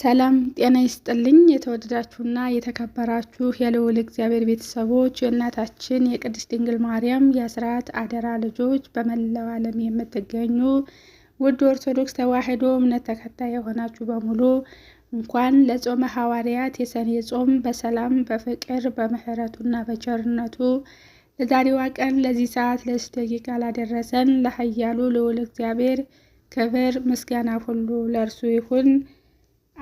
ሰላም ጤና ይስጥልኝ። የተወደዳችሁና የተከበራችሁ የልዑል እግዚአብሔር ቤተሰቦች የእናታችን የቅድስት ድንግል ማርያም የአስራት አደራ ልጆች በመላው ዓለም የምትገኙ ውድ ኦርቶዶክስ ተዋሕዶ እምነት ተከታይ የሆናችሁ በሙሉ እንኳን ለጾመ ሐዋርያት የሰኔ ጾም በሰላም በፍቅር በምሕረቱና በቸርነቱ ለዛሬዋ ቀን ለዚህ ሰዓት ለዚህ ደቂቃ ላደረሰን ለኃያሉ ልዑል እግዚአብሔር ክብር ምስጋና ሁሉ ለእርሱ ይሁን።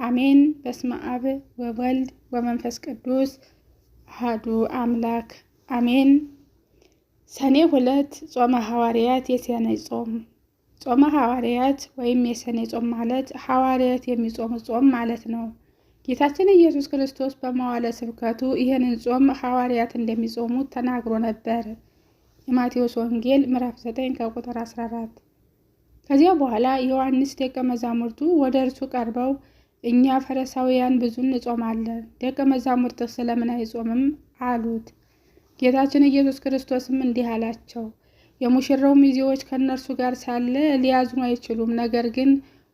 አሜን። በስመ አብ ወወልድ ወመንፈስ ቅዱስ አሐዱ አምላክ አሜን። ሰኔ ሁለት ጾመ ሐዋርያት የሰኔ ጾም ጾመ ሐዋርያት ወይም የሰኔ ጾም ማለት ሐዋርያት የሚጾሙ ጾም ማለት ነው። ጌታችን ኢየሱስ ክርስቶስ በመዋለ ስብከቱ ይህንን ጾም ሐዋርያት እንደሚጾሙት ተናግሮ ነበር። የማቴዎስ ወንጌል ምዕራፍ 9 ከቁጥር 14። ከዚያ በኋላ ዮሐንስ ደቀ መዛሙርቱ ወደ እርሱ ቀርበው እኛ ፈረሳውያን ብዙ እንጾማለን፣ ደቀ መዛሙርትህ ስለምን አይጾምም አሉት። ጌታችን ኢየሱስ ክርስቶስም እንዲህ አላቸው፣ የሙሽራው ሚዜዎች ከእነርሱ ጋር ሳለ ሊያዝኑ አይችሉም። ነገር ግን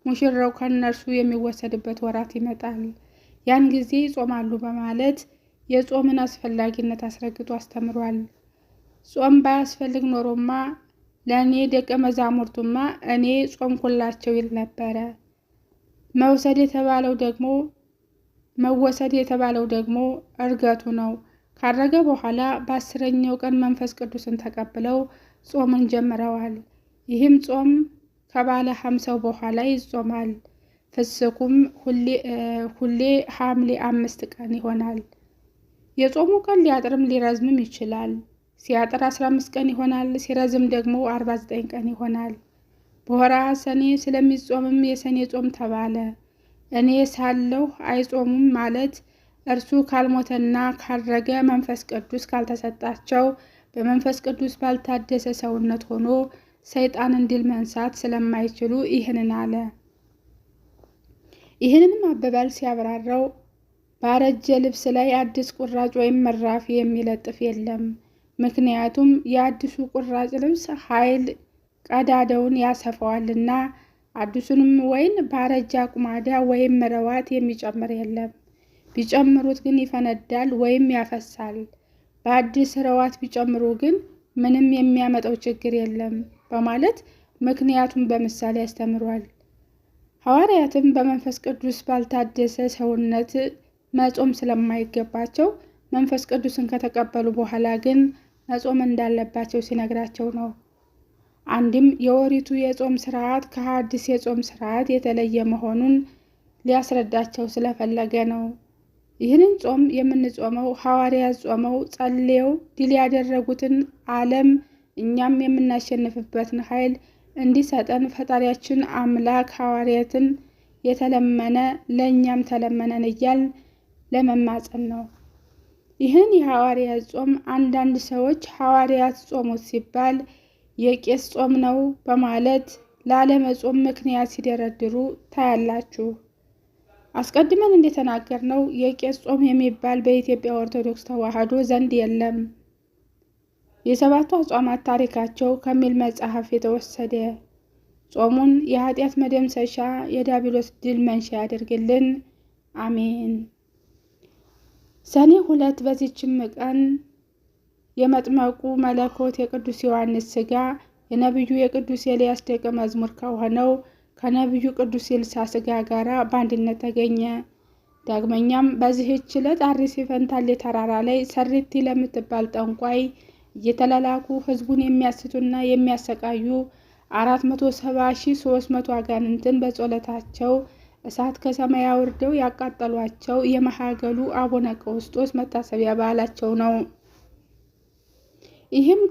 ሙሽራው ከእነርሱ የሚወሰድበት ወራት ይመጣል፣ ያን ጊዜ ይጾማሉ በማለት የጾምን አስፈላጊነት አስረግጦ አስተምሯል። ጾም ባያስፈልግ ኖሮማ ለእኔ ደቀ መዛሙርቱማ እኔ ጾምኩላቸው ይል ነበረ። መውሰድ የተባለው ደግሞ መወሰድ የተባለው ደግሞ እርገቱ ነው። ካረገ በኋላ በአስረኛው ቀን መንፈስ ቅዱስን ተቀብለው ጾምን ጀምረዋል። ይህም ጾም ከባለ ሀምሳው በኋላ ይጾማል። ፍስኩም ሁሌ ሐምሌ አምስት ቀን ይሆናል። የጾሙ ቀን ሊያጥርም ሊረዝምም ይችላል። ሲያጥር 15 ቀን ይሆናል። ሲረዝም ደግሞ 49 ቀን ይሆናል። በወራ ሰኔ ስለሚጾምም የሰኔ ጾም ተባለ። እኔ ሳለሁ አይጾሙም ማለት እርሱ ካልሞተና ካረገ መንፈስ ቅዱስ ካልተሰጣቸው በመንፈስ ቅዱስ ባልታደሰ ሰውነት ሆኖ ሰይጣንን ድል መንሳት ስለማይችሉ ይህንን አለ። ይህንንም አበባል ሲያብራራው ባረጀ ልብስ ላይ አዲስ ቁራጭ ወይም መራፊ የሚለጥፍ የለም። ምክንያቱም የአዲሱ ቁራጭ ልብስ ኃይል ቀዳዳውን ያሰፋዋልና አዲሱንም ወይን ባረጃ ቁማዳ ወይም መረዋት የሚጨምር የለም። ቢጨምሩት ግን ይፈነዳል ወይም ያፈሳል። በአዲስ ረዋት ቢጨምሩ ግን ምንም የሚያመጣው ችግር የለም በማለት ምክንያቱን በምሳሌ ያስተምሯል። ሐዋርያትም በመንፈስ ቅዱስ ባልታደሰ ሰውነት መጾም ስለማይገባቸው መንፈስ ቅዱስን ከተቀበሉ በኋላ ግን መጾም እንዳለባቸው ሲነግራቸው ነው። አንድም የወሪቱ የጾም ስርዓት ከሐዲስ የጾም ስርዓት የተለየ መሆኑን ሊያስረዳቸው ስለፈለገ ነው። ይህንን ጾም የምንጾመው ሐዋርያት ጾመው ጸልየው ድል ያደረጉትን ዓለም እኛም የምናሸንፍበትን ኃይል እንዲሰጠን ፈጣሪያችን አምላክ ሐዋርያትን የተለመነ ለእኛም ተለመነን እያል ለመማጸን ነው። ይህን የሐዋርያት ጾም አንዳንድ ሰዎች ሐዋርያት ጾሙት ሲባል የቄስ ጾም ነው በማለት ላለመጾም ምክንያት ሲደረድሩ ታያላችሁ። አስቀድመን እንደተናገርነው የቄስ ጾም የሚባል በኢትዮጵያ ኦርቶዶክስ ተዋሕዶ ዘንድ የለም። የሰባቱ አጽዋማት ታሪካቸው ከሚል መጽሐፍ የተወሰደ ጾሙን የኃጢአት መደምሰሻ የዲያብሎስ ድል መንሻ ያደርግልን፣ አሜን። ሰኔ ሁለት በዚችም ቀን የመጥመቁ መለኮት የቅዱስ ዮሐንስ ሥጋ የነቢዩ የቅዱስ ኤልያስ ደቀ መዝሙር ከሆነው ከነቢዩ ቅዱስ ኤልሳ ሥጋ ጋር በአንድነት ተገኘ። ዳግመኛም በዚህች ዕለት አርሲ ፈንታሌ ተራራ ላይ ሰሪቲ ለምትባል ጠንቋይ እየተላላኩ ሕዝቡን የሚያስቱና የሚያሰቃዩ አራት አጋንንትን በጸሎታቸው እሳት ከሰማይ አውርደው ያቃጠሏቸው የመሃገሉ አቡነ ቀውስጦስ መታሰቢያ በዓላቸው ነው። ይህም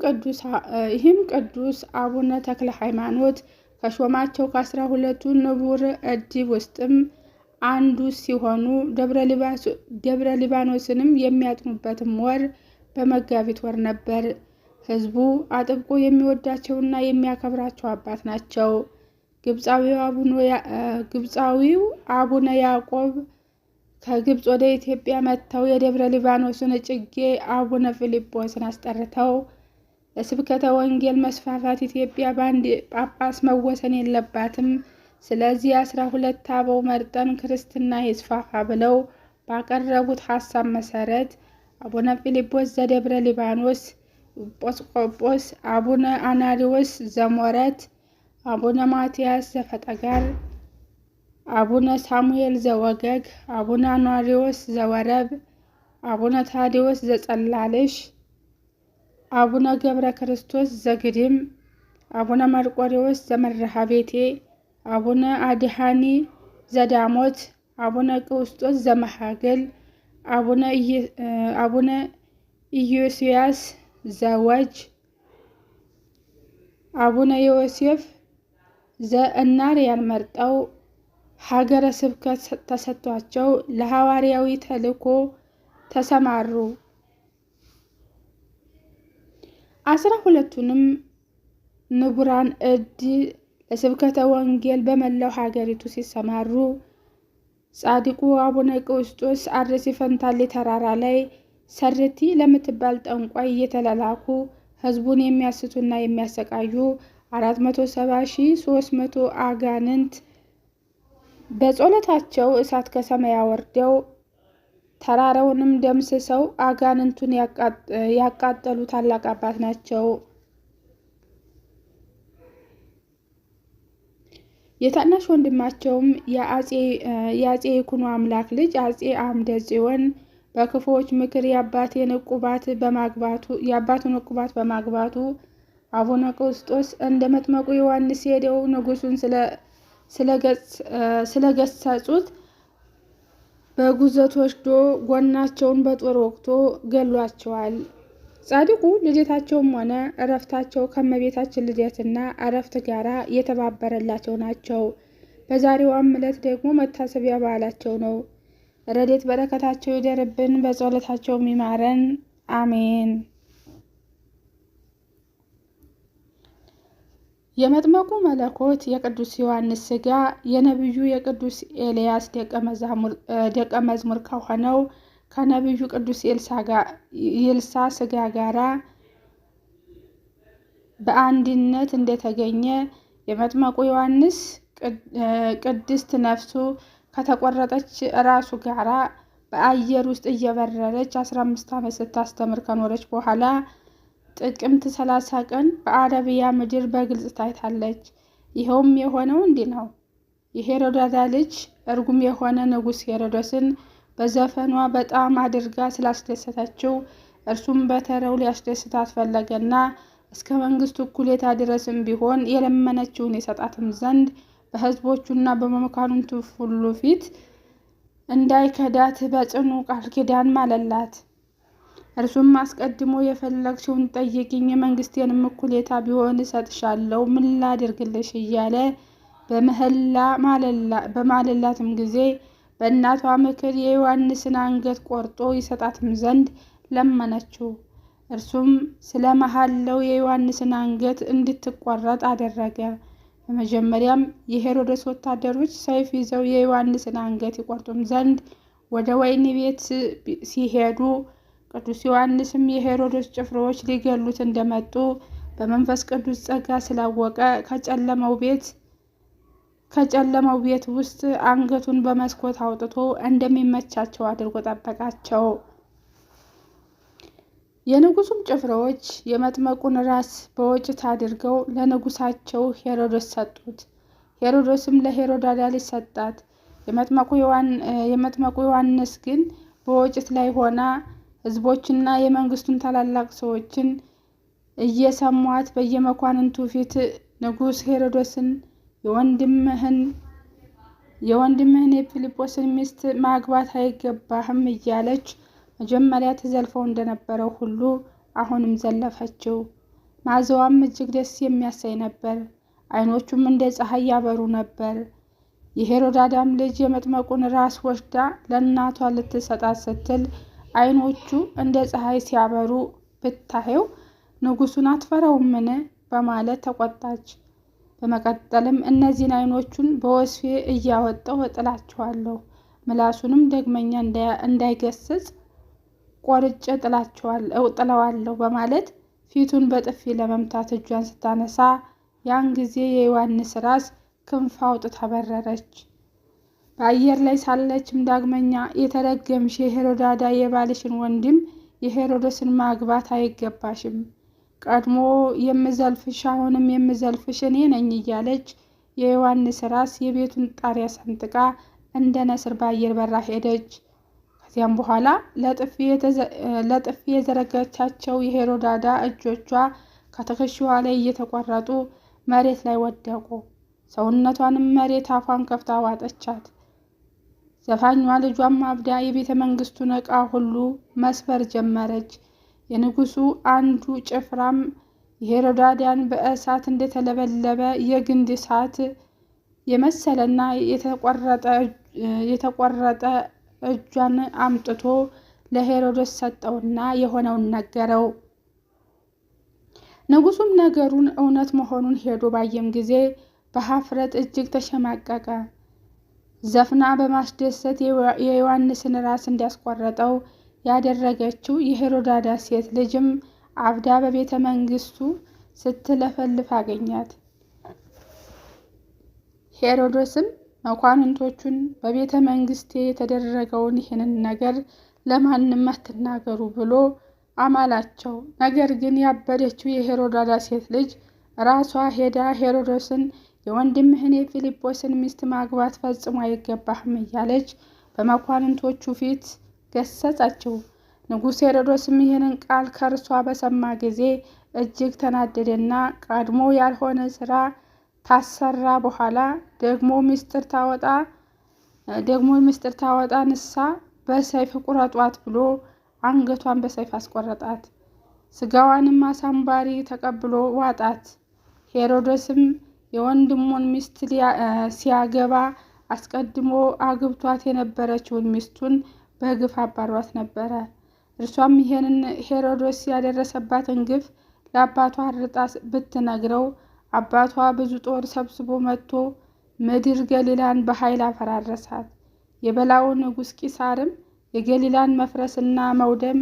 ቅዱስ አቡነ ተክለ ሃይማኖት ከሾማቸው ከአስራ ሁለቱ ንቡረ እድብ ውስጥም አንዱ ሲሆኑ ደብረ ሊባኖስንም የሚያጥኑበትም ወር በመጋቢት ወር ነበር። ህዝቡ አጥብቆ የሚወዳቸውና የሚያከብራቸው አባት ናቸው። ግብፃዊው አቡነ ያዕቆብ ከግብፅ ወደ ኢትዮጵያ መጥተው የደብረ ሊባኖስን እጭጌ አቡነ ፊልጶስን አስጠርተው ለስብከተ ወንጌል መስፋፋት ኢትዮጵያ በአንድ ጳጳስ መወሰን የለባትም። ስለዚህ አስራ ሁለት አበው መርጠን ክርስትና ይስፋፋ ብለው ባቀረቡት ሀሳብ መሰረት አቡነ ፊልጶስ ዘደብረ ሊባኖስ ጶስቆጶስ፣ አቡነ አናሪዎስ ዘሞረት፣ አቡነ ማትያስ ዘፈጠጋር፣ አቡነ ሳሙኤል ዘወገግ፣ አቡነ አኗሪዎስ ዘወረብ፣ አቡነ ታዲዎስ ዘጸላልሽ አቡነ ገብረ ክርስቶስ ዘግድም፣ አቡነ መርቆሬዎስ ዘመርሃ ቤቴ፣ አቡነ አድሃኒ ዘዳሞት፣ አቡነ ቀውስጦስ ዘመሃገል፣ አቡነ ኢዮስያስ ዘወጅ፣ አቡነ ዮሴፍ ዘእናርያን መርጠው ሀገረ ስብከት ተሰጥቷቸው ለሐዋርያዊ ተልእኮ ተሰማሩ። አስራ ሁለቱንም ንቡራን እድ ለስብከተ ወንጌል በመላው ሀገሪቱ ሲሰማሩ ጻድቁ አቡነ ቀውስጦስ አርሲ ፈንታሌ ተራራ ላይ ሰርቲ ለምትባል ጠንቋይ እየተላላኩ ህዝቡን የሚያስቱና የሚያሰቃዩ 470300 አጋንንት በጸሎታቸው እሳት ከሰማይ አወርደው ተራራውንም ደምስሰው አጋንንቱን ያቃጠሉ ታላቅ አባት ናቸው። የታናሽ ወንድማቸውም የአጼ ይኩኖ አምላክ ልጅ አጼ አምደ ጽዮን በክፉዎች ምክር የአባቴን እቁባት በማግባቱ የአባቱን እቁባት በማግባቱ አቡነ ቀውስጦስ እንደ መጥመቁ ዮሐንስ ሄደው ንጉሱን ስለገሰጹት በጉዘት ወስዶ ጎናቸውን በጦር ወቅቶ ገሏቸዋል። ጻድቁ ልደታቸውም ሆነ እረፍታቸው ከመቤታችን ልደትና እረፍት ጋር የተባበረላቸው ናቸው። በዛሬዋም ዕለት ደግሞ መታሰቢያ በዓላቸው ነው። ረዴት በረከታቸው ይደርብን፣ በጸሎታቸው ይማረን፣ አሜን። የመጥመቁ መለኮት የቅዱስ ዮሐንስ ሥጋ የነቢዩ የቅዱስ ኤልያስ ደቀ መዝሙር ከሆነው ከነቢዩ ቅዱስ ይልሳ ሥጋ ጋራ በአንድነት እንደተገኘ የመጥመቁ ዮሐንስ ቅድስት ነፍሱ ከተቆረጠች ራሱ ጋራ በአየር ውስጥ እየበረረች 15 ዓመት ስታስተምር ከኖረች በኋላ ጥቅምት 30 ቀን በአረቢያ ምድር በግልጽ ታይታለች። ይኸውም የሆነው እንዲህ ነው። የሄሮዳዳ ልጅ እርጉም የሆነ ንጉሥ ሄሮዶስን በዘፈኗ በጣም አድርጋ ስላስደሰተችው እርሱም በተረው ሊያስደስታት ፈለገና እስከ መንግስቱ እኩሌታ ድረስም ቢሆን የለመነችውን የሰጣትም ዘንድ በህዝቦቹና በመኳንንቱ ሁሉ ፊት እንዳይከዳት በጽኑ ቃል ኪዳን ማለላት። እርሱም አስቀድሞ የፈለግሽውን ጠይቅኝ፣ የመንግስቴንም እኩሌታ ቢሆን እሰጥሻለሁ፣ ምን ላድርግልሽ እያለ በማለላትም ጊዜ በእናቷ ምክር የዮሐንስን አንገት ቆርጦ ይሰጣትም ዘንድ ለመነችው። እርሱም ስለ መሐላው የዮሐንስን አንገት እንድትቆረጥ አደረገ። በመጀመሪያም የሄሮደስ ወታደሮች ሰይፍ ይዘው የዮሐንስን አንገት ይቆርጡም ዘንድ ወደ ወይን ቤት ሲሄዱ ቅዱስ ዮሐንስም የሄሮድስ ጭፍሮዎች ሊገሉት እንደመጡ በመንፈስ ቅዱስ ጸጋ ስላወቀ ከጨለመው ቤት ከጨለመው ቤት ውስጥ አንገቱን በመስኮት አውጥቶ እንደሚመቻቸው አድርጎ ጠበቃቸው። የንጉሱም ጭፍሮች የመጥመቁን ራስ በወጭት አድርገው ለንጉሳቸው ሄሮዶስ ሰጡት። ሄሮዶስም ለሄሮዳዳ ልጅ ሰጣት። የመጥመቁ ዮሐንስ ግን በወጭት ላይ ሆና ህዝቦችና የመንግስቱን ታላላቅ ሰዎችን እየሰሟት በየመኳንንቱ ፊት ንጉሥ ሄሮዶስን የወንድምህን የወንድምህን የፊልጶስን ሚስት ማግባት አይገባህም እያለች መጀመሪያ ተዘልፈው እንደነበረው ሁሉ አሁንም ዘለፈችው። ማዘዋም እጅግ ደስ የሚያሳይ ነበር። አይኖቹም እንደ ፀሐይ ያበሩ ነበር። የሄሮዳዳም ልጅ የመጥመቁን ራስ ወስዳ ለእናቷ ልትሰጣት ስትል አይኖቹ እንደ ፀሐይ ሲያበሩ ብታየው ንጉሡን አትፈራውምን? በማለት ተቆጣች። በመቀጠልም እነዚህን አይኖቹን በወስፌ እያወጣው እጥላቸዋለሁ፣ ምላሱንም ደግመኛ እንዳይገስጽ ቆርጬ እጥለዋለሁ በማለት ፊቱን በጥፊ ለመምታት እጇን ስታነሳ ያን ጊዜ የዮሐንስ ራስ ክንፍ አውጥታ በረረች። በአየር ላይ ሳለችም ዳግመኛ የተረገምሽ የሄሮዳዳ የባልሽን ወንድም የሄሮድስን ማግባት አይገባሽም፣ ቀድሞ የምዘልፍሽ አሁንም የምዘልፍሽ እኔ ነኝ እያለች የዮሐንስ ራስ የቤቱን ጣሪያ ሰንጥቃ እንደ ነስር በአየር በራ ሄደች። ከዚያም በኋላ ለጥፊ የዘረጋቻቸው የሄሮዳዳ እጆቿ ከትከሻዋ ላይ እየተቆረጡ መሬት ላይ ወደቁ። ሰውነቷንም መሬት አፏን ከፍታ ዋጠቻት። ዘፋኟ ልጇም አብዳ የቤተ መንግስቱን ዕቃ ሁሉ መስበር ጀመረች። የንጉሱ አንዱ ጭፍራም የሄሮዳዳን በእሳት እንደተለበለበ የግንድ እሳት የመሰለና የተቆረጠ እጇን አምጥቶ ለሄሮድስ ሰጠውና የሆነውን ነገረው። ንጉሱም ነገሩን እውነት መሆኑን ሄዶ ባየም ጊዜ በሀፍረት እጅግ ተሸማቀቀ። ዘፍና በማስደሰት የዮሐንስን ራስ እንዲያስቆረጠው ያደረገችው የሄሮዳዳ ሴት ልጅም አብዳ በቤተ መንግስቱ ስትለፈልፍ አገኛት። ሄሮዶስም መኳንንቶቹን በቤተ መንግስቴ የተደረገውን ይህንን ነገር ለማንም አትናገሩ ብሎ አማላቸው። ነገር ግን ያበደችው የሄሮዳዳ ሴት ልጅ ራሷ ሄዳ ሄሮዶስን የወንድምህን የፊልጶስን ሚስት ማግባት ፈጽሞ አይገባህም እያለች በመኳንንቶቹ ፊት ገሰጻቸው። ንጉሥ ሄሮዶስም ይህንን ቃል ከእርሷ በሰማ ጊዜ እጅግ ተናደደና ቀድሞ ያልሆነ ሥራ ታሰራ በኋላ ደግሞ ምስጢር ታወጣ ደግሞ ምስጢር ታወጣ ንሳ በሰይፍ ቁረጧት ብሎ አንገቷን በሰይፍ አስቆረጣት። ስጋዋንም አሳምባሪ ተቀብሎ ዋጣት። ሄሮዶስም የወንድሙን ሚስት ሲያገባ አስቀድሞ አግብቷት የነበረችውን ሚስቱን በግፍ አባሯት ነበረ። እርሷም ይሄንን ሄሮዶስ ያደረሰባትን ግፍ ለአባቷ አርጣ ብትነግረው አባቷ ብዙ ጦር ሰብስቦ መጥቶ ምድር ገሊላን በኃይል አፈራረሳት። የበላው ንጉሥ ቂሳርም የገሊላን መፍረስና መውደም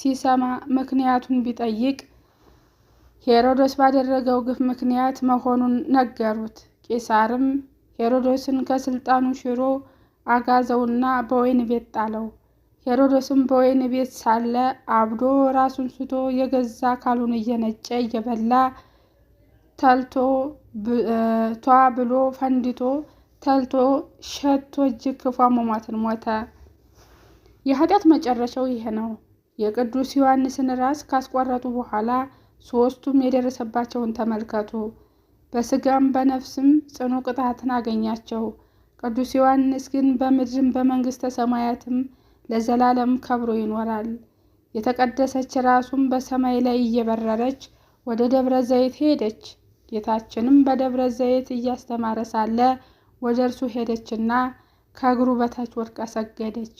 ሲሰማ ምክንያቱን ቢጠይቅ ሄሮዶስ ባደረገው ግፍ ምክንያት መሆኑን ነገሩት። ቄሳርም ሄሮዶስን ከስልጣኑ ሽሮ አጋዘውና በወይን ቤት ጣለው። ሄሮዶስም በወይን ቤት ሳለ አብዶ ራሱን ስቶ የገዛ አካሉን እየነጨ እየበላ ተልቶ ቷ ብሎ ፈንድቶ ተልቶ ሸቶ እጅግ ክፉ አሟሟትን ሞተ። የኃጢአት መጨረሻው ይሄ ነው። የቅዱስ ዮሐንስን ራስ ካስቆረጡ በኋላ ሶስቱም የደረሰባቸውን ተመልከቱ። በስጋም በነፍስም ጽኑ ቅጣትን አገኛቸው። ቅዱስ ዮሐንስ ግን በምድርም በመንግሥተ ሰማያትም ለዘላለም ከብሮ ይኖራል። የተቀደሰች ራሱም በሰማይ ላይ እየበረረች ወደ ደብረ ዘይት ሄደች። ጌታችንም በደብረ ዘይት እያስተማረ ሳለ ወደ እርሱ ሄደችና ከእግሩ በታች ወድቃ ሰገደች።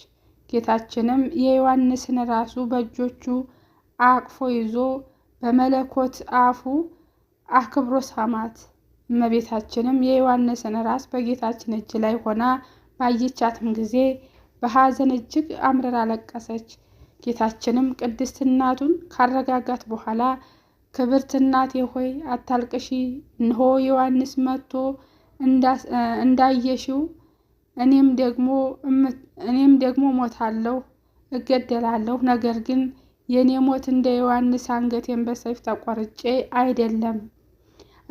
ጌታችንም የዮሐንስን ራሱ በእጆቹ አቅፎ ይዞ በመለኮት አፉ አክብሮ ሳማት። እመቤታችንም የዮሐንስን ራስ በጌታችን እጅ ላይ ሆና ባየቻትም ጊዜ በሐዘን እጅግ አምርራ አለቀሰች። ጌታችንም ቅድስት እናቱን ካረጋጋት በኋላ ክብርት እናቴ ሆይ አታልቅሺ፣ እንሆ ዮሐንስ መጥቶ እንዳየሽው እኔም ደግሞ ሞታለሁ እገደላለሁ ነገር ግን የእኔ ሞት እንደ ዮሐንስ አንገቴን በሰይፍ ተቆርጬ አይደለም፣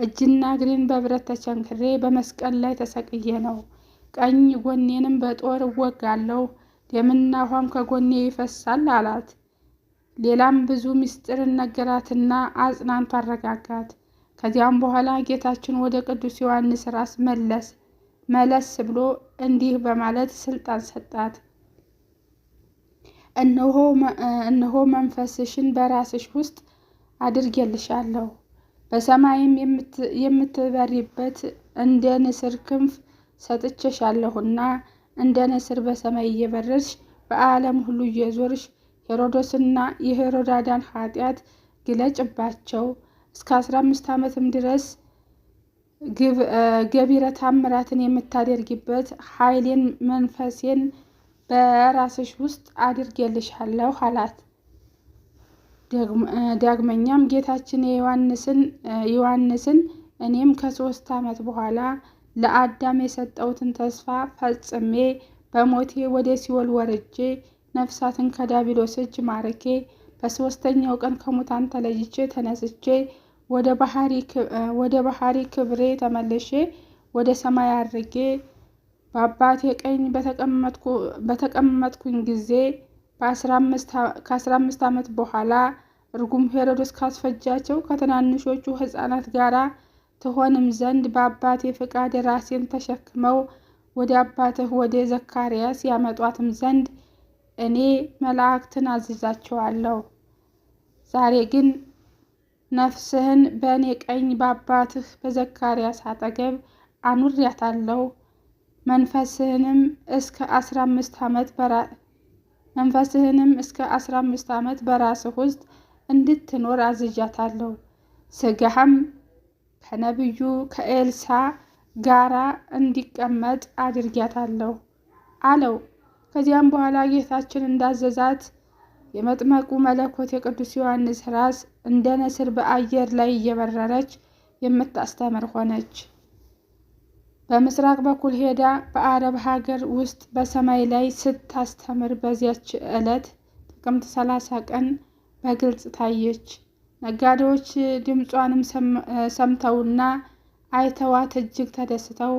እጅና እግሬን በብረት ተቸንክሬ በመስቀል ላይ ተሰቅዬ ነው። ቀኝ ጎኔንም በጦር እወጋለሁ፣ ደምና ውሃም ከጎኔ ይፈሳል አላት። ሌላም ብዙ ምስጢር ነገራትና አጽናንቶ አረጋጋት። ከዚያም በኋላ ጌታችን ወደ ቅዱስ ዮሐንስ ራስ መለስ መለስ ብሎ እንዲህ በማለት ስልጣን ሰጣት። እነሆ መንፈስሽን በራስሽ ውስጥ አድርጌልሻለሁ በሰማይም የምትበሪበት እንደ ንስር ክንፍ ሰጥቼሻለሁና እንደ ንስር በሰማይ እየበረርሽ በዓለም ሁሉ እየዞርሽ ሄሮዶስና የሄሮዳዳን ኃጢአት ግለጭባቸው እስከ አስራ አምስት ዓመትም ድረስ ገቢረ ታምራትን የምታደርጊበት ኃይሌን መንፈሴን በራስሽ ውስጥ አድርጌልሻለሁ አላት። ዳግመኛም ጌታችን ዮሐንስን እኔም ከሶስት ዓመት በኋላ ለአዳም የሰጠውትን ተስፋ ፈጽሜ በሞቴ ወደ ሲኦል ወርጄ ነፍሳትን ከዳቢሎስ እጅ ማርኬ በሶስተኛው ቀን ከሙታን ተለይቼ ተነስቼ ወደ ባህሪ ክብሬ ተመልሼ ወደ ሰማይ አድርጌ በአባቴ ቀኝ በተቀመጥኩኝ ጊዜ ከአስራ አምስት ዓመት በኋላ እርጉም ሄሮድስ ካስፈጃቸው ከትናንሾቹ ሕፃናት ጋር ትሆንም ዘንድ በአባቴ ፍቃድ ራሴን ተሸክመው ወደ አባትህ ወደ ዘካርያስ ያመጧትም ዘንድ እኔ መላእክትን አዝዛቸዋለሁ። ዛሬ ግን ነፍስህን በእኔ ቀኝ በአባትህ በዘካርያስ አጠገብ አኑሪያታለሁ። መንፈስህንም እስከ አስራ አምስት ዓመት መንፈስህንም እስከ አስራ አምስት ዓመት በራስህ ውስጥ እንድትኖር አዝዣታለሁ። ስጋህም ከነቢዩ ከኤልሳ ጋራ እንዲቀመጥ አድርጊያታለሁ አለው። ከዚያም በኋላ ጌታችን እንዳዘዛት የመጥመቁ መለኮት የቅዱስ ዮሐንስ ራስ እንደ ንስር በአየር ላይ እየበረረች የምታስተምር ሆነች። በምስራቅ በኩል ሄዳ በአረብ ሀገር ውስጥ በሰማይ ላይ ስታስተምር በዚያች ዕለት ጥቅምት 30 ቀን በግልጽ ታየች። ነጋዴዎች ድምጿንም ሰምተውና አይተዋት እጅግ ተደስተው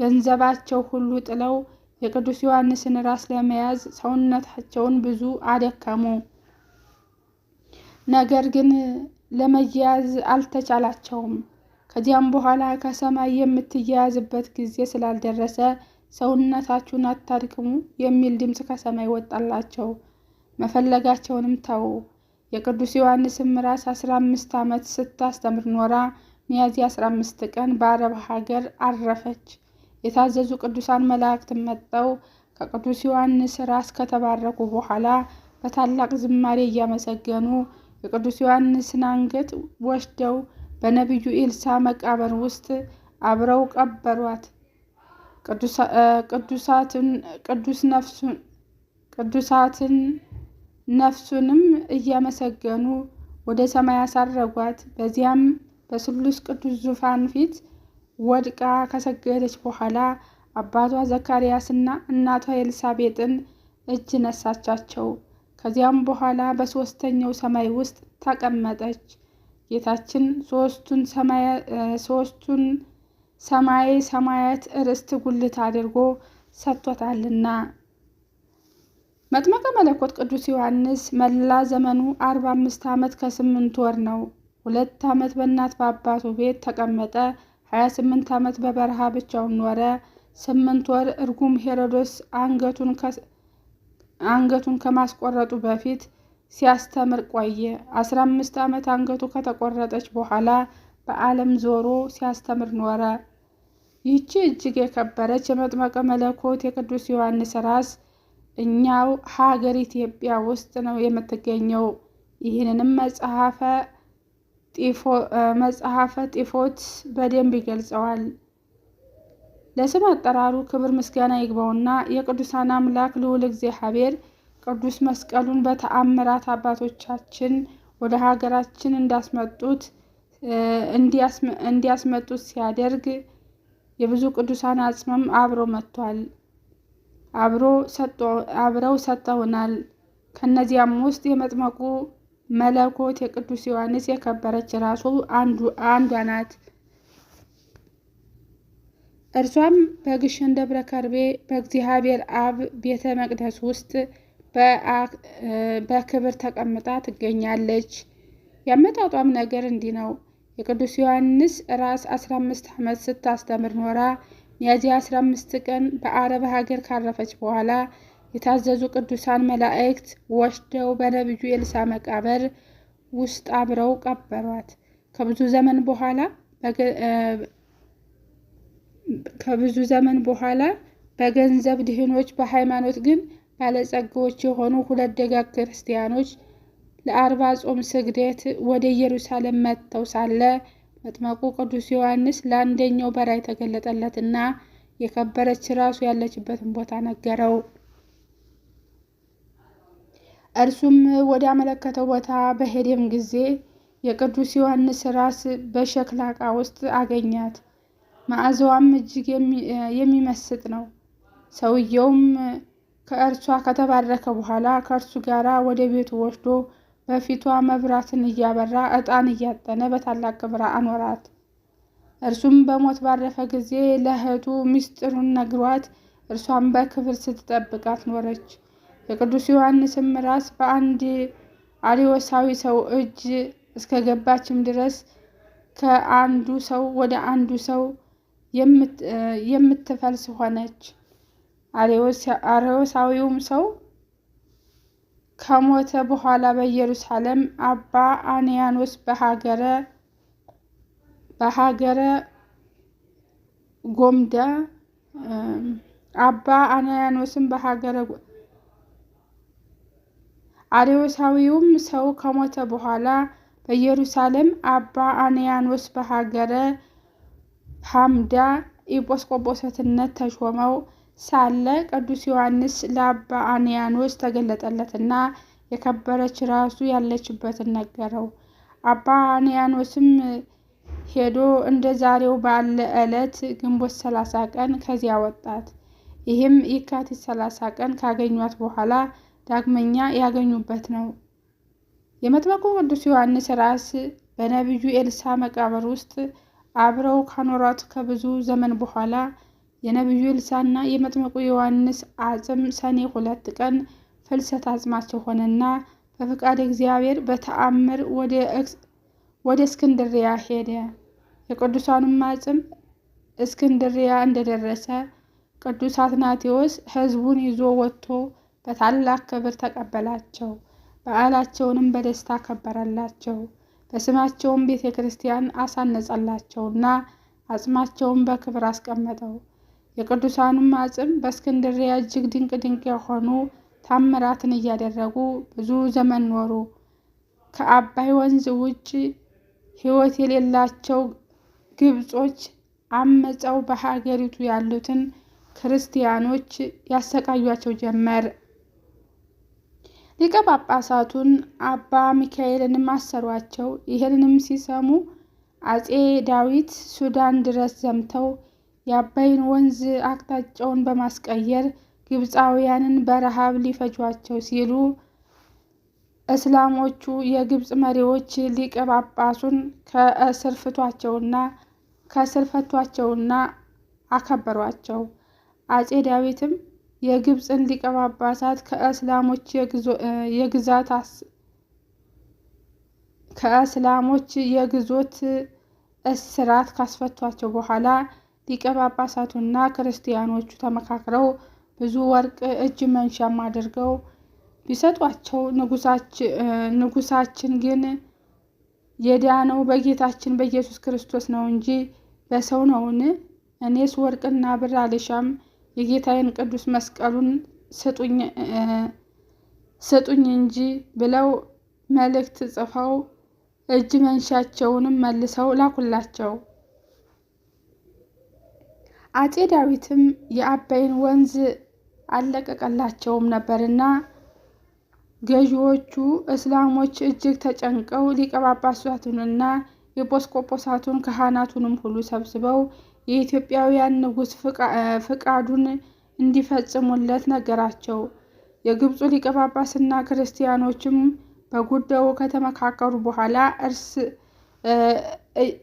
ገንዘባቸው ሁሉ ጥለው የቅዱስ ዮሐንስን ራስ ለመያዝ ሰውነታቸውን ብዙ አደከሙ። ነገር ግን ለመያዝ አልተቻላቸውም። ከዚያም በኋላ ከሰማይ የምትያያዝበት ጊዜ ስላልደረሰ ሰውነታችሁን አታድክሙ የሚል ድምፅ ከሰማይ ወጣላቸው። መፈለጋቸውንም ተዉ። የቅዱስ ዮሐንስም ራስ 15 ዓመት ስታስተምር ኖራ ሚያዝያ 15 ቀን በአረብ ሀገር አረፈች። የታዘዙ ቅዱሳን መላእክት መጠው ከቅዱስ ዮሐንስ ራስ ከተባረኩ በኋላ በታላቅ ዝማሬ እያመሰገኑ የቅዱስ ዮሐንስን አንገት ወስደው በነቢዩ ኤልሳ መቃብር ውስጥ አብረው ቀበሯት። ቅዱሳትን ነፍሱንም እያመሰገኑ ወደ ሰማይ አሳረጓት። በዚያም በስሉስ ቅዱስ ዙፋን ፊት ወድቃ ከሰገደች በኋላ አባቷ ዘካርያስና እናቷ ኤልሳቤጥን እጅ ነሳቻቸው። ከዚያም በኋላ በሦስተኛው ሰማይ ውስጥ ተቀመጠች። ጌታችን ሶስቱን ሰማይ ሰማያት ርስት ጉልት አድርጎ ሰጥቶታልና። መጥመቀ መለኮት ቅዱስ ዮሐንስ መላ ዘመኑ አርባ አምስት ዓመት ከስምንት ወር ነው። ሁለት ዓመት በእናት በአባቱ ቤት ተቀመጠ። ሀያ ስምንት ዓመት በበረሃ ብቻውን ኖረ። ስምንት ወር እርጉም ሄሮዶስ አንገቱን ከማስቆረጡ በፊት ሲያስተምር ቆየ። አስራ አምስት ዓመት አንገቱ ከተቆረጠች በኋላ በዓለም ዞሮ ሲያስተምር ኖረ። ይህቺ እጅግ የከበረች የመጥመቀ መለኮት የቅዱስ ዮሐንስ ራስ እኛው ሀገር ኢትዮጵያ ውስጥ ነው የምትገኘው። ይህንንም መጽሐፈ ጢፎት በደንብ ይገልጸዋል። ለስም አጠራሩ ክብር ምስጋና ይግባውና የቅዱሳን አምላክ ልዑል እግዚአብሔር ቅዱስ መስቀሉን በተአምራት አባቶቻችን ወደ ሀገራችን እንዳስመጡት እንዲያስመጡት ሲያደርግ የብዙ ቅዱሳን አጽመም አብሮ መጥቷል። አብረው ሰጠውናል። ከእነዚያም ውስጥ የመጥመቁ መለኮት የቅዱስ ዮሐንስ የከበረች ራሱ አንዷ ናት። እርሷም በግሽን ደብረ ከርቤ በእግዚአብሔር አብ ቤተ መቅደስ ውስጥ በክብር ተቀምጣ ትገኛለች። የምጣጧም ነገር እንዲህ ነው። የቅዱስ ዮሐንስ ራስ 15 ዓመት ስታስተምር ኖራ ሚያዝያ 15 ቀን በአረብ ሀገር ካረፈች በኋላ የታዘዙ ቅዱሳን መላእክት ወስደው በነብዩ ኤልሳ መቃብር ውስጥ አብረው ቀበሯት። ከብዙ ዘመን በኋላ ከብዙ ዘመን በኋላ በገንዘብ ድህኖች በሃይማኖት ግን ባለጸጋዎች የሆኑ ሁለት ደጋግ ክርስቲያኖች ለአርባ ጾም ስግደት ወደ ኢየሩሳሌም መጥተው ሳለ መጥመቁ ቅዱስ ዮሐንስ ለአንደኛው በራእይ ተገለጠለትና የከበረች ራሱ ያለችበትን ቦታ ነገረው። እርሱም ወደ አመለከተው ቦታ በሄደም ጊዜ የቅዱስ ዮሐንስ ራስ በሸክላ ዕቃ ውስጥ አገኛት። መዓዛዋም እጅግ የሚመስጥ ነው። ሰውየውም ከእርሷ ከተባረከ በኋላ ከእርሱ ጋር ወደ ቤቱ ወስዶ በፊቷ መብራትን እያበራ ዕጣን እያጠነ በታላቅ ክብር አኖራት። እርሱም በሞት ባረፈ ጊዜ ለእህቱ ምስጢሩን ነግሯት፣ እርሷም በክብር ስትጠብቃት ኖረች። የቅዱስ ዮሐንስም ራስ በአንድ አሪዮሳዊ ሰው እጅ እስከገባችም ድረስ ከአንዱ ሰው ወደ አንዱ ሰው የምትፈልስ ሆነች። አርዮሳዊውም ሰው ከሞተ በኋላ በኢየሩሳሌም አባ አንያኖስ በሀገረ በሀገረ ጎምዳ አባ አንያኖስም በሀገረ አርዮሳዊውም ሰው ከሞተ በኋላ በኢየሩሳሌም አባ አንያኖስ በሀገረ ሐምዳ ኤጲስ ተሾመው። ሳለ ቅዱስ ዮሐንስ ለአባ አንያኖስ ተገለጠለትና የከበረች ራሱ ያለችበትን ነገረው። አባ አንያኖስም ሄዶ እንደ ዛሬው ባለ ዕለት ግንቦት 30 ቀን ከዚያ ወጣት። ይህም የካቲት 30 ቀን ካገኟት በኋላ ዳግመኛ ያገኙበት ነው። የመጥበቁ ቅዱስ ዮሐንስ ራስ በነቢዩ ኤልሳ መቃብር ውስጥ አብረው ካኖሯት ከብዙ ዘመን በኋላ የነቢዩ ኤልሳዕና የመጥምቁ ዮሐንስ አጽም ሰኔ ሁለት ቀን ፍልሰት አጽማቸው ሆነና በፈቃድ እግዚአብሔር በተአምር ወደ እስክንድሪያ ሄደ። የቅዱሳኑም አጽም እስክንድሪያ እንደደረሰ ቅዱስ አትናቴዎስ ሕዝቡን ይዞ ወጥቶ በታላቅ ክብር ተቀበላቸው። በዓላቸውንም በደስታ ከበረላቸው። በስማቸውም ቤተ ክርስቲያን አሳነጸላቸውና አጽማቸውን በክብር አስቀመጠው። የቅዱሳኑ አጽም በእስክንድርያ እጅግ ድንቅ ድንቅ የሆኑ ታምራትን እያደረጉ ብዙ ዘመን ኖሩ። ከአባይ ወንዝ ውጭ ሕይወት የሌላቸው ግብጾች አመፀው በሀገሪቱ ያሉትን ክርስቲያኖች ያሰቃያቸው ጀመር። ሊቀ ጳጳሳቱን አባ ሚካኤልንም አሰሯቸው። ይህንንም ሲሰሙ አፄ ዳዊት ሱዳን ድረስ ዘምተው የአባይን ወንዝ አቅጣጫውን በማስቀየር ግብፃውያንን በረሃብ ሊፈጇቸው ሲሉ እስላሞቹ የግብፅ መሪዎች ሊቀ ጳጳሱን ከእስር ፈቷቸውና አከበሯቸው። አጼ ዳዊትም የግብፅን ሊቀ ጳጳሳት ከእስላሞች የግዛት ከእስላሞች የግዞት እስራት ካስፈቷቸው በኋላ ሊቀ ጳጳሳቱና ክርስቲያኖቹ ተመካክረው ብዙ ወርቅ እጅ መንሻም አድርገው ቢሰጧቸው ንጉሳችን ግን የዳነው በጌታችን በኢየሱስ ክርስቶስ ነው እንጂ በሰው ነውን? እኔስ ወርቅና ብር አልሻም፣ የጌታዬን ቅዱስ መስቀሉን ስጡኝ እንጂ ብለው መልእክት ጽፈው እጅ መንሻቸውንም መልሰው ላኩላቸው። አጼ ዳዊትም የአባይን ወንዝ አለቀቀላቸውም ነበርና ገዢዎቹ እስላሞች እጅግ ተጨንቀው ሊቀ ጳጳሳቱንና ካህናቱንም ሁሉ ሰብስበው የኢትዮጵያውያን ንጉሥ ፍቃዱን እንዲፈጽሙለት ነገራቸው። የግብፁ ሊቀ ጳጳስና ክርስቲያኖችም በጉዳዩ ከተመካከሩ በኋላ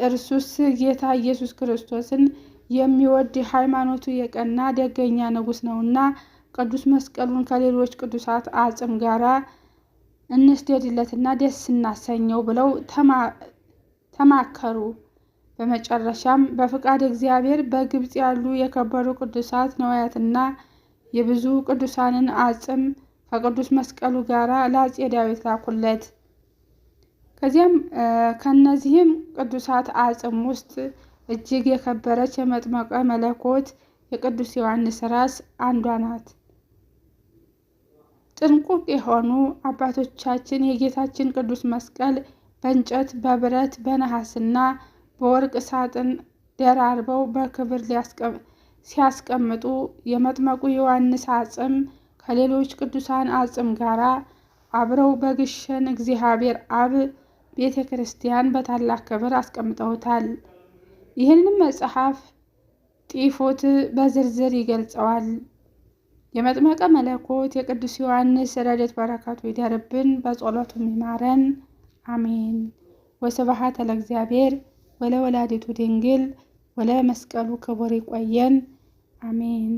እርሱስ ጌታ ኢየሱስ ክርስቶስን የሚወድ ሃይማኖቱ የቀና ደገኛ ንጉስ ነውና ቅዱስ መስቀሉን ከሌሎች ቅዱሳት አጽም ጋር እንስደድለትና ደስ እናሰኘው ብለው ተማከሩ። በመጨረሻም በፍቃድ እግዚአብሔር በግብፅ ያሉ የከበሩ ቅዱሳት ነዋያትና የብዙ ቅዱሳንን አጽም ከቅዱስ መስቀሉ ጋር ለአፄ ዳዊት ላኩለት። ከዚያም ከእነዚህም ቅዱሳት አጽም ውስጥ እጅግ የከበረች የመጥመቀ መለኮት የቅዱስ ዮሐንስ ራስ አንዷ ናት። ጥንቁቅ የሆኑ አባቶቻችን የጌታችን ቅዱስ መስቀል በእንጨት በብረት በነሐስና በወርቅ ሳጥን ደራርበው በክብር ሲያስቀምጡ የመጥመቁ ዮሐንስ አጽም ከሌሎች ቅዱሳን አጽም ጋር አብረው በግሸን እግዚአብሔር አብ ቤተ ክርስቲያን በታላቅ ክብር አስቀምጠውታል። ይህንን መጽሐፍ ጢፎት በዝርዝር ይገልጸዋል። የመጥመቀ መለኮት የቅዱስ ዮሐንስ ረድኤት በረከቱ ይደርብን፣ በጸሎቱ ይማረን፣ አሜን። ወስብሐት ለእግዚአብሔር ወለወላዲቱ ድንግል ወለመስቀሉ ክቡር ይቆየን፣ አሜን።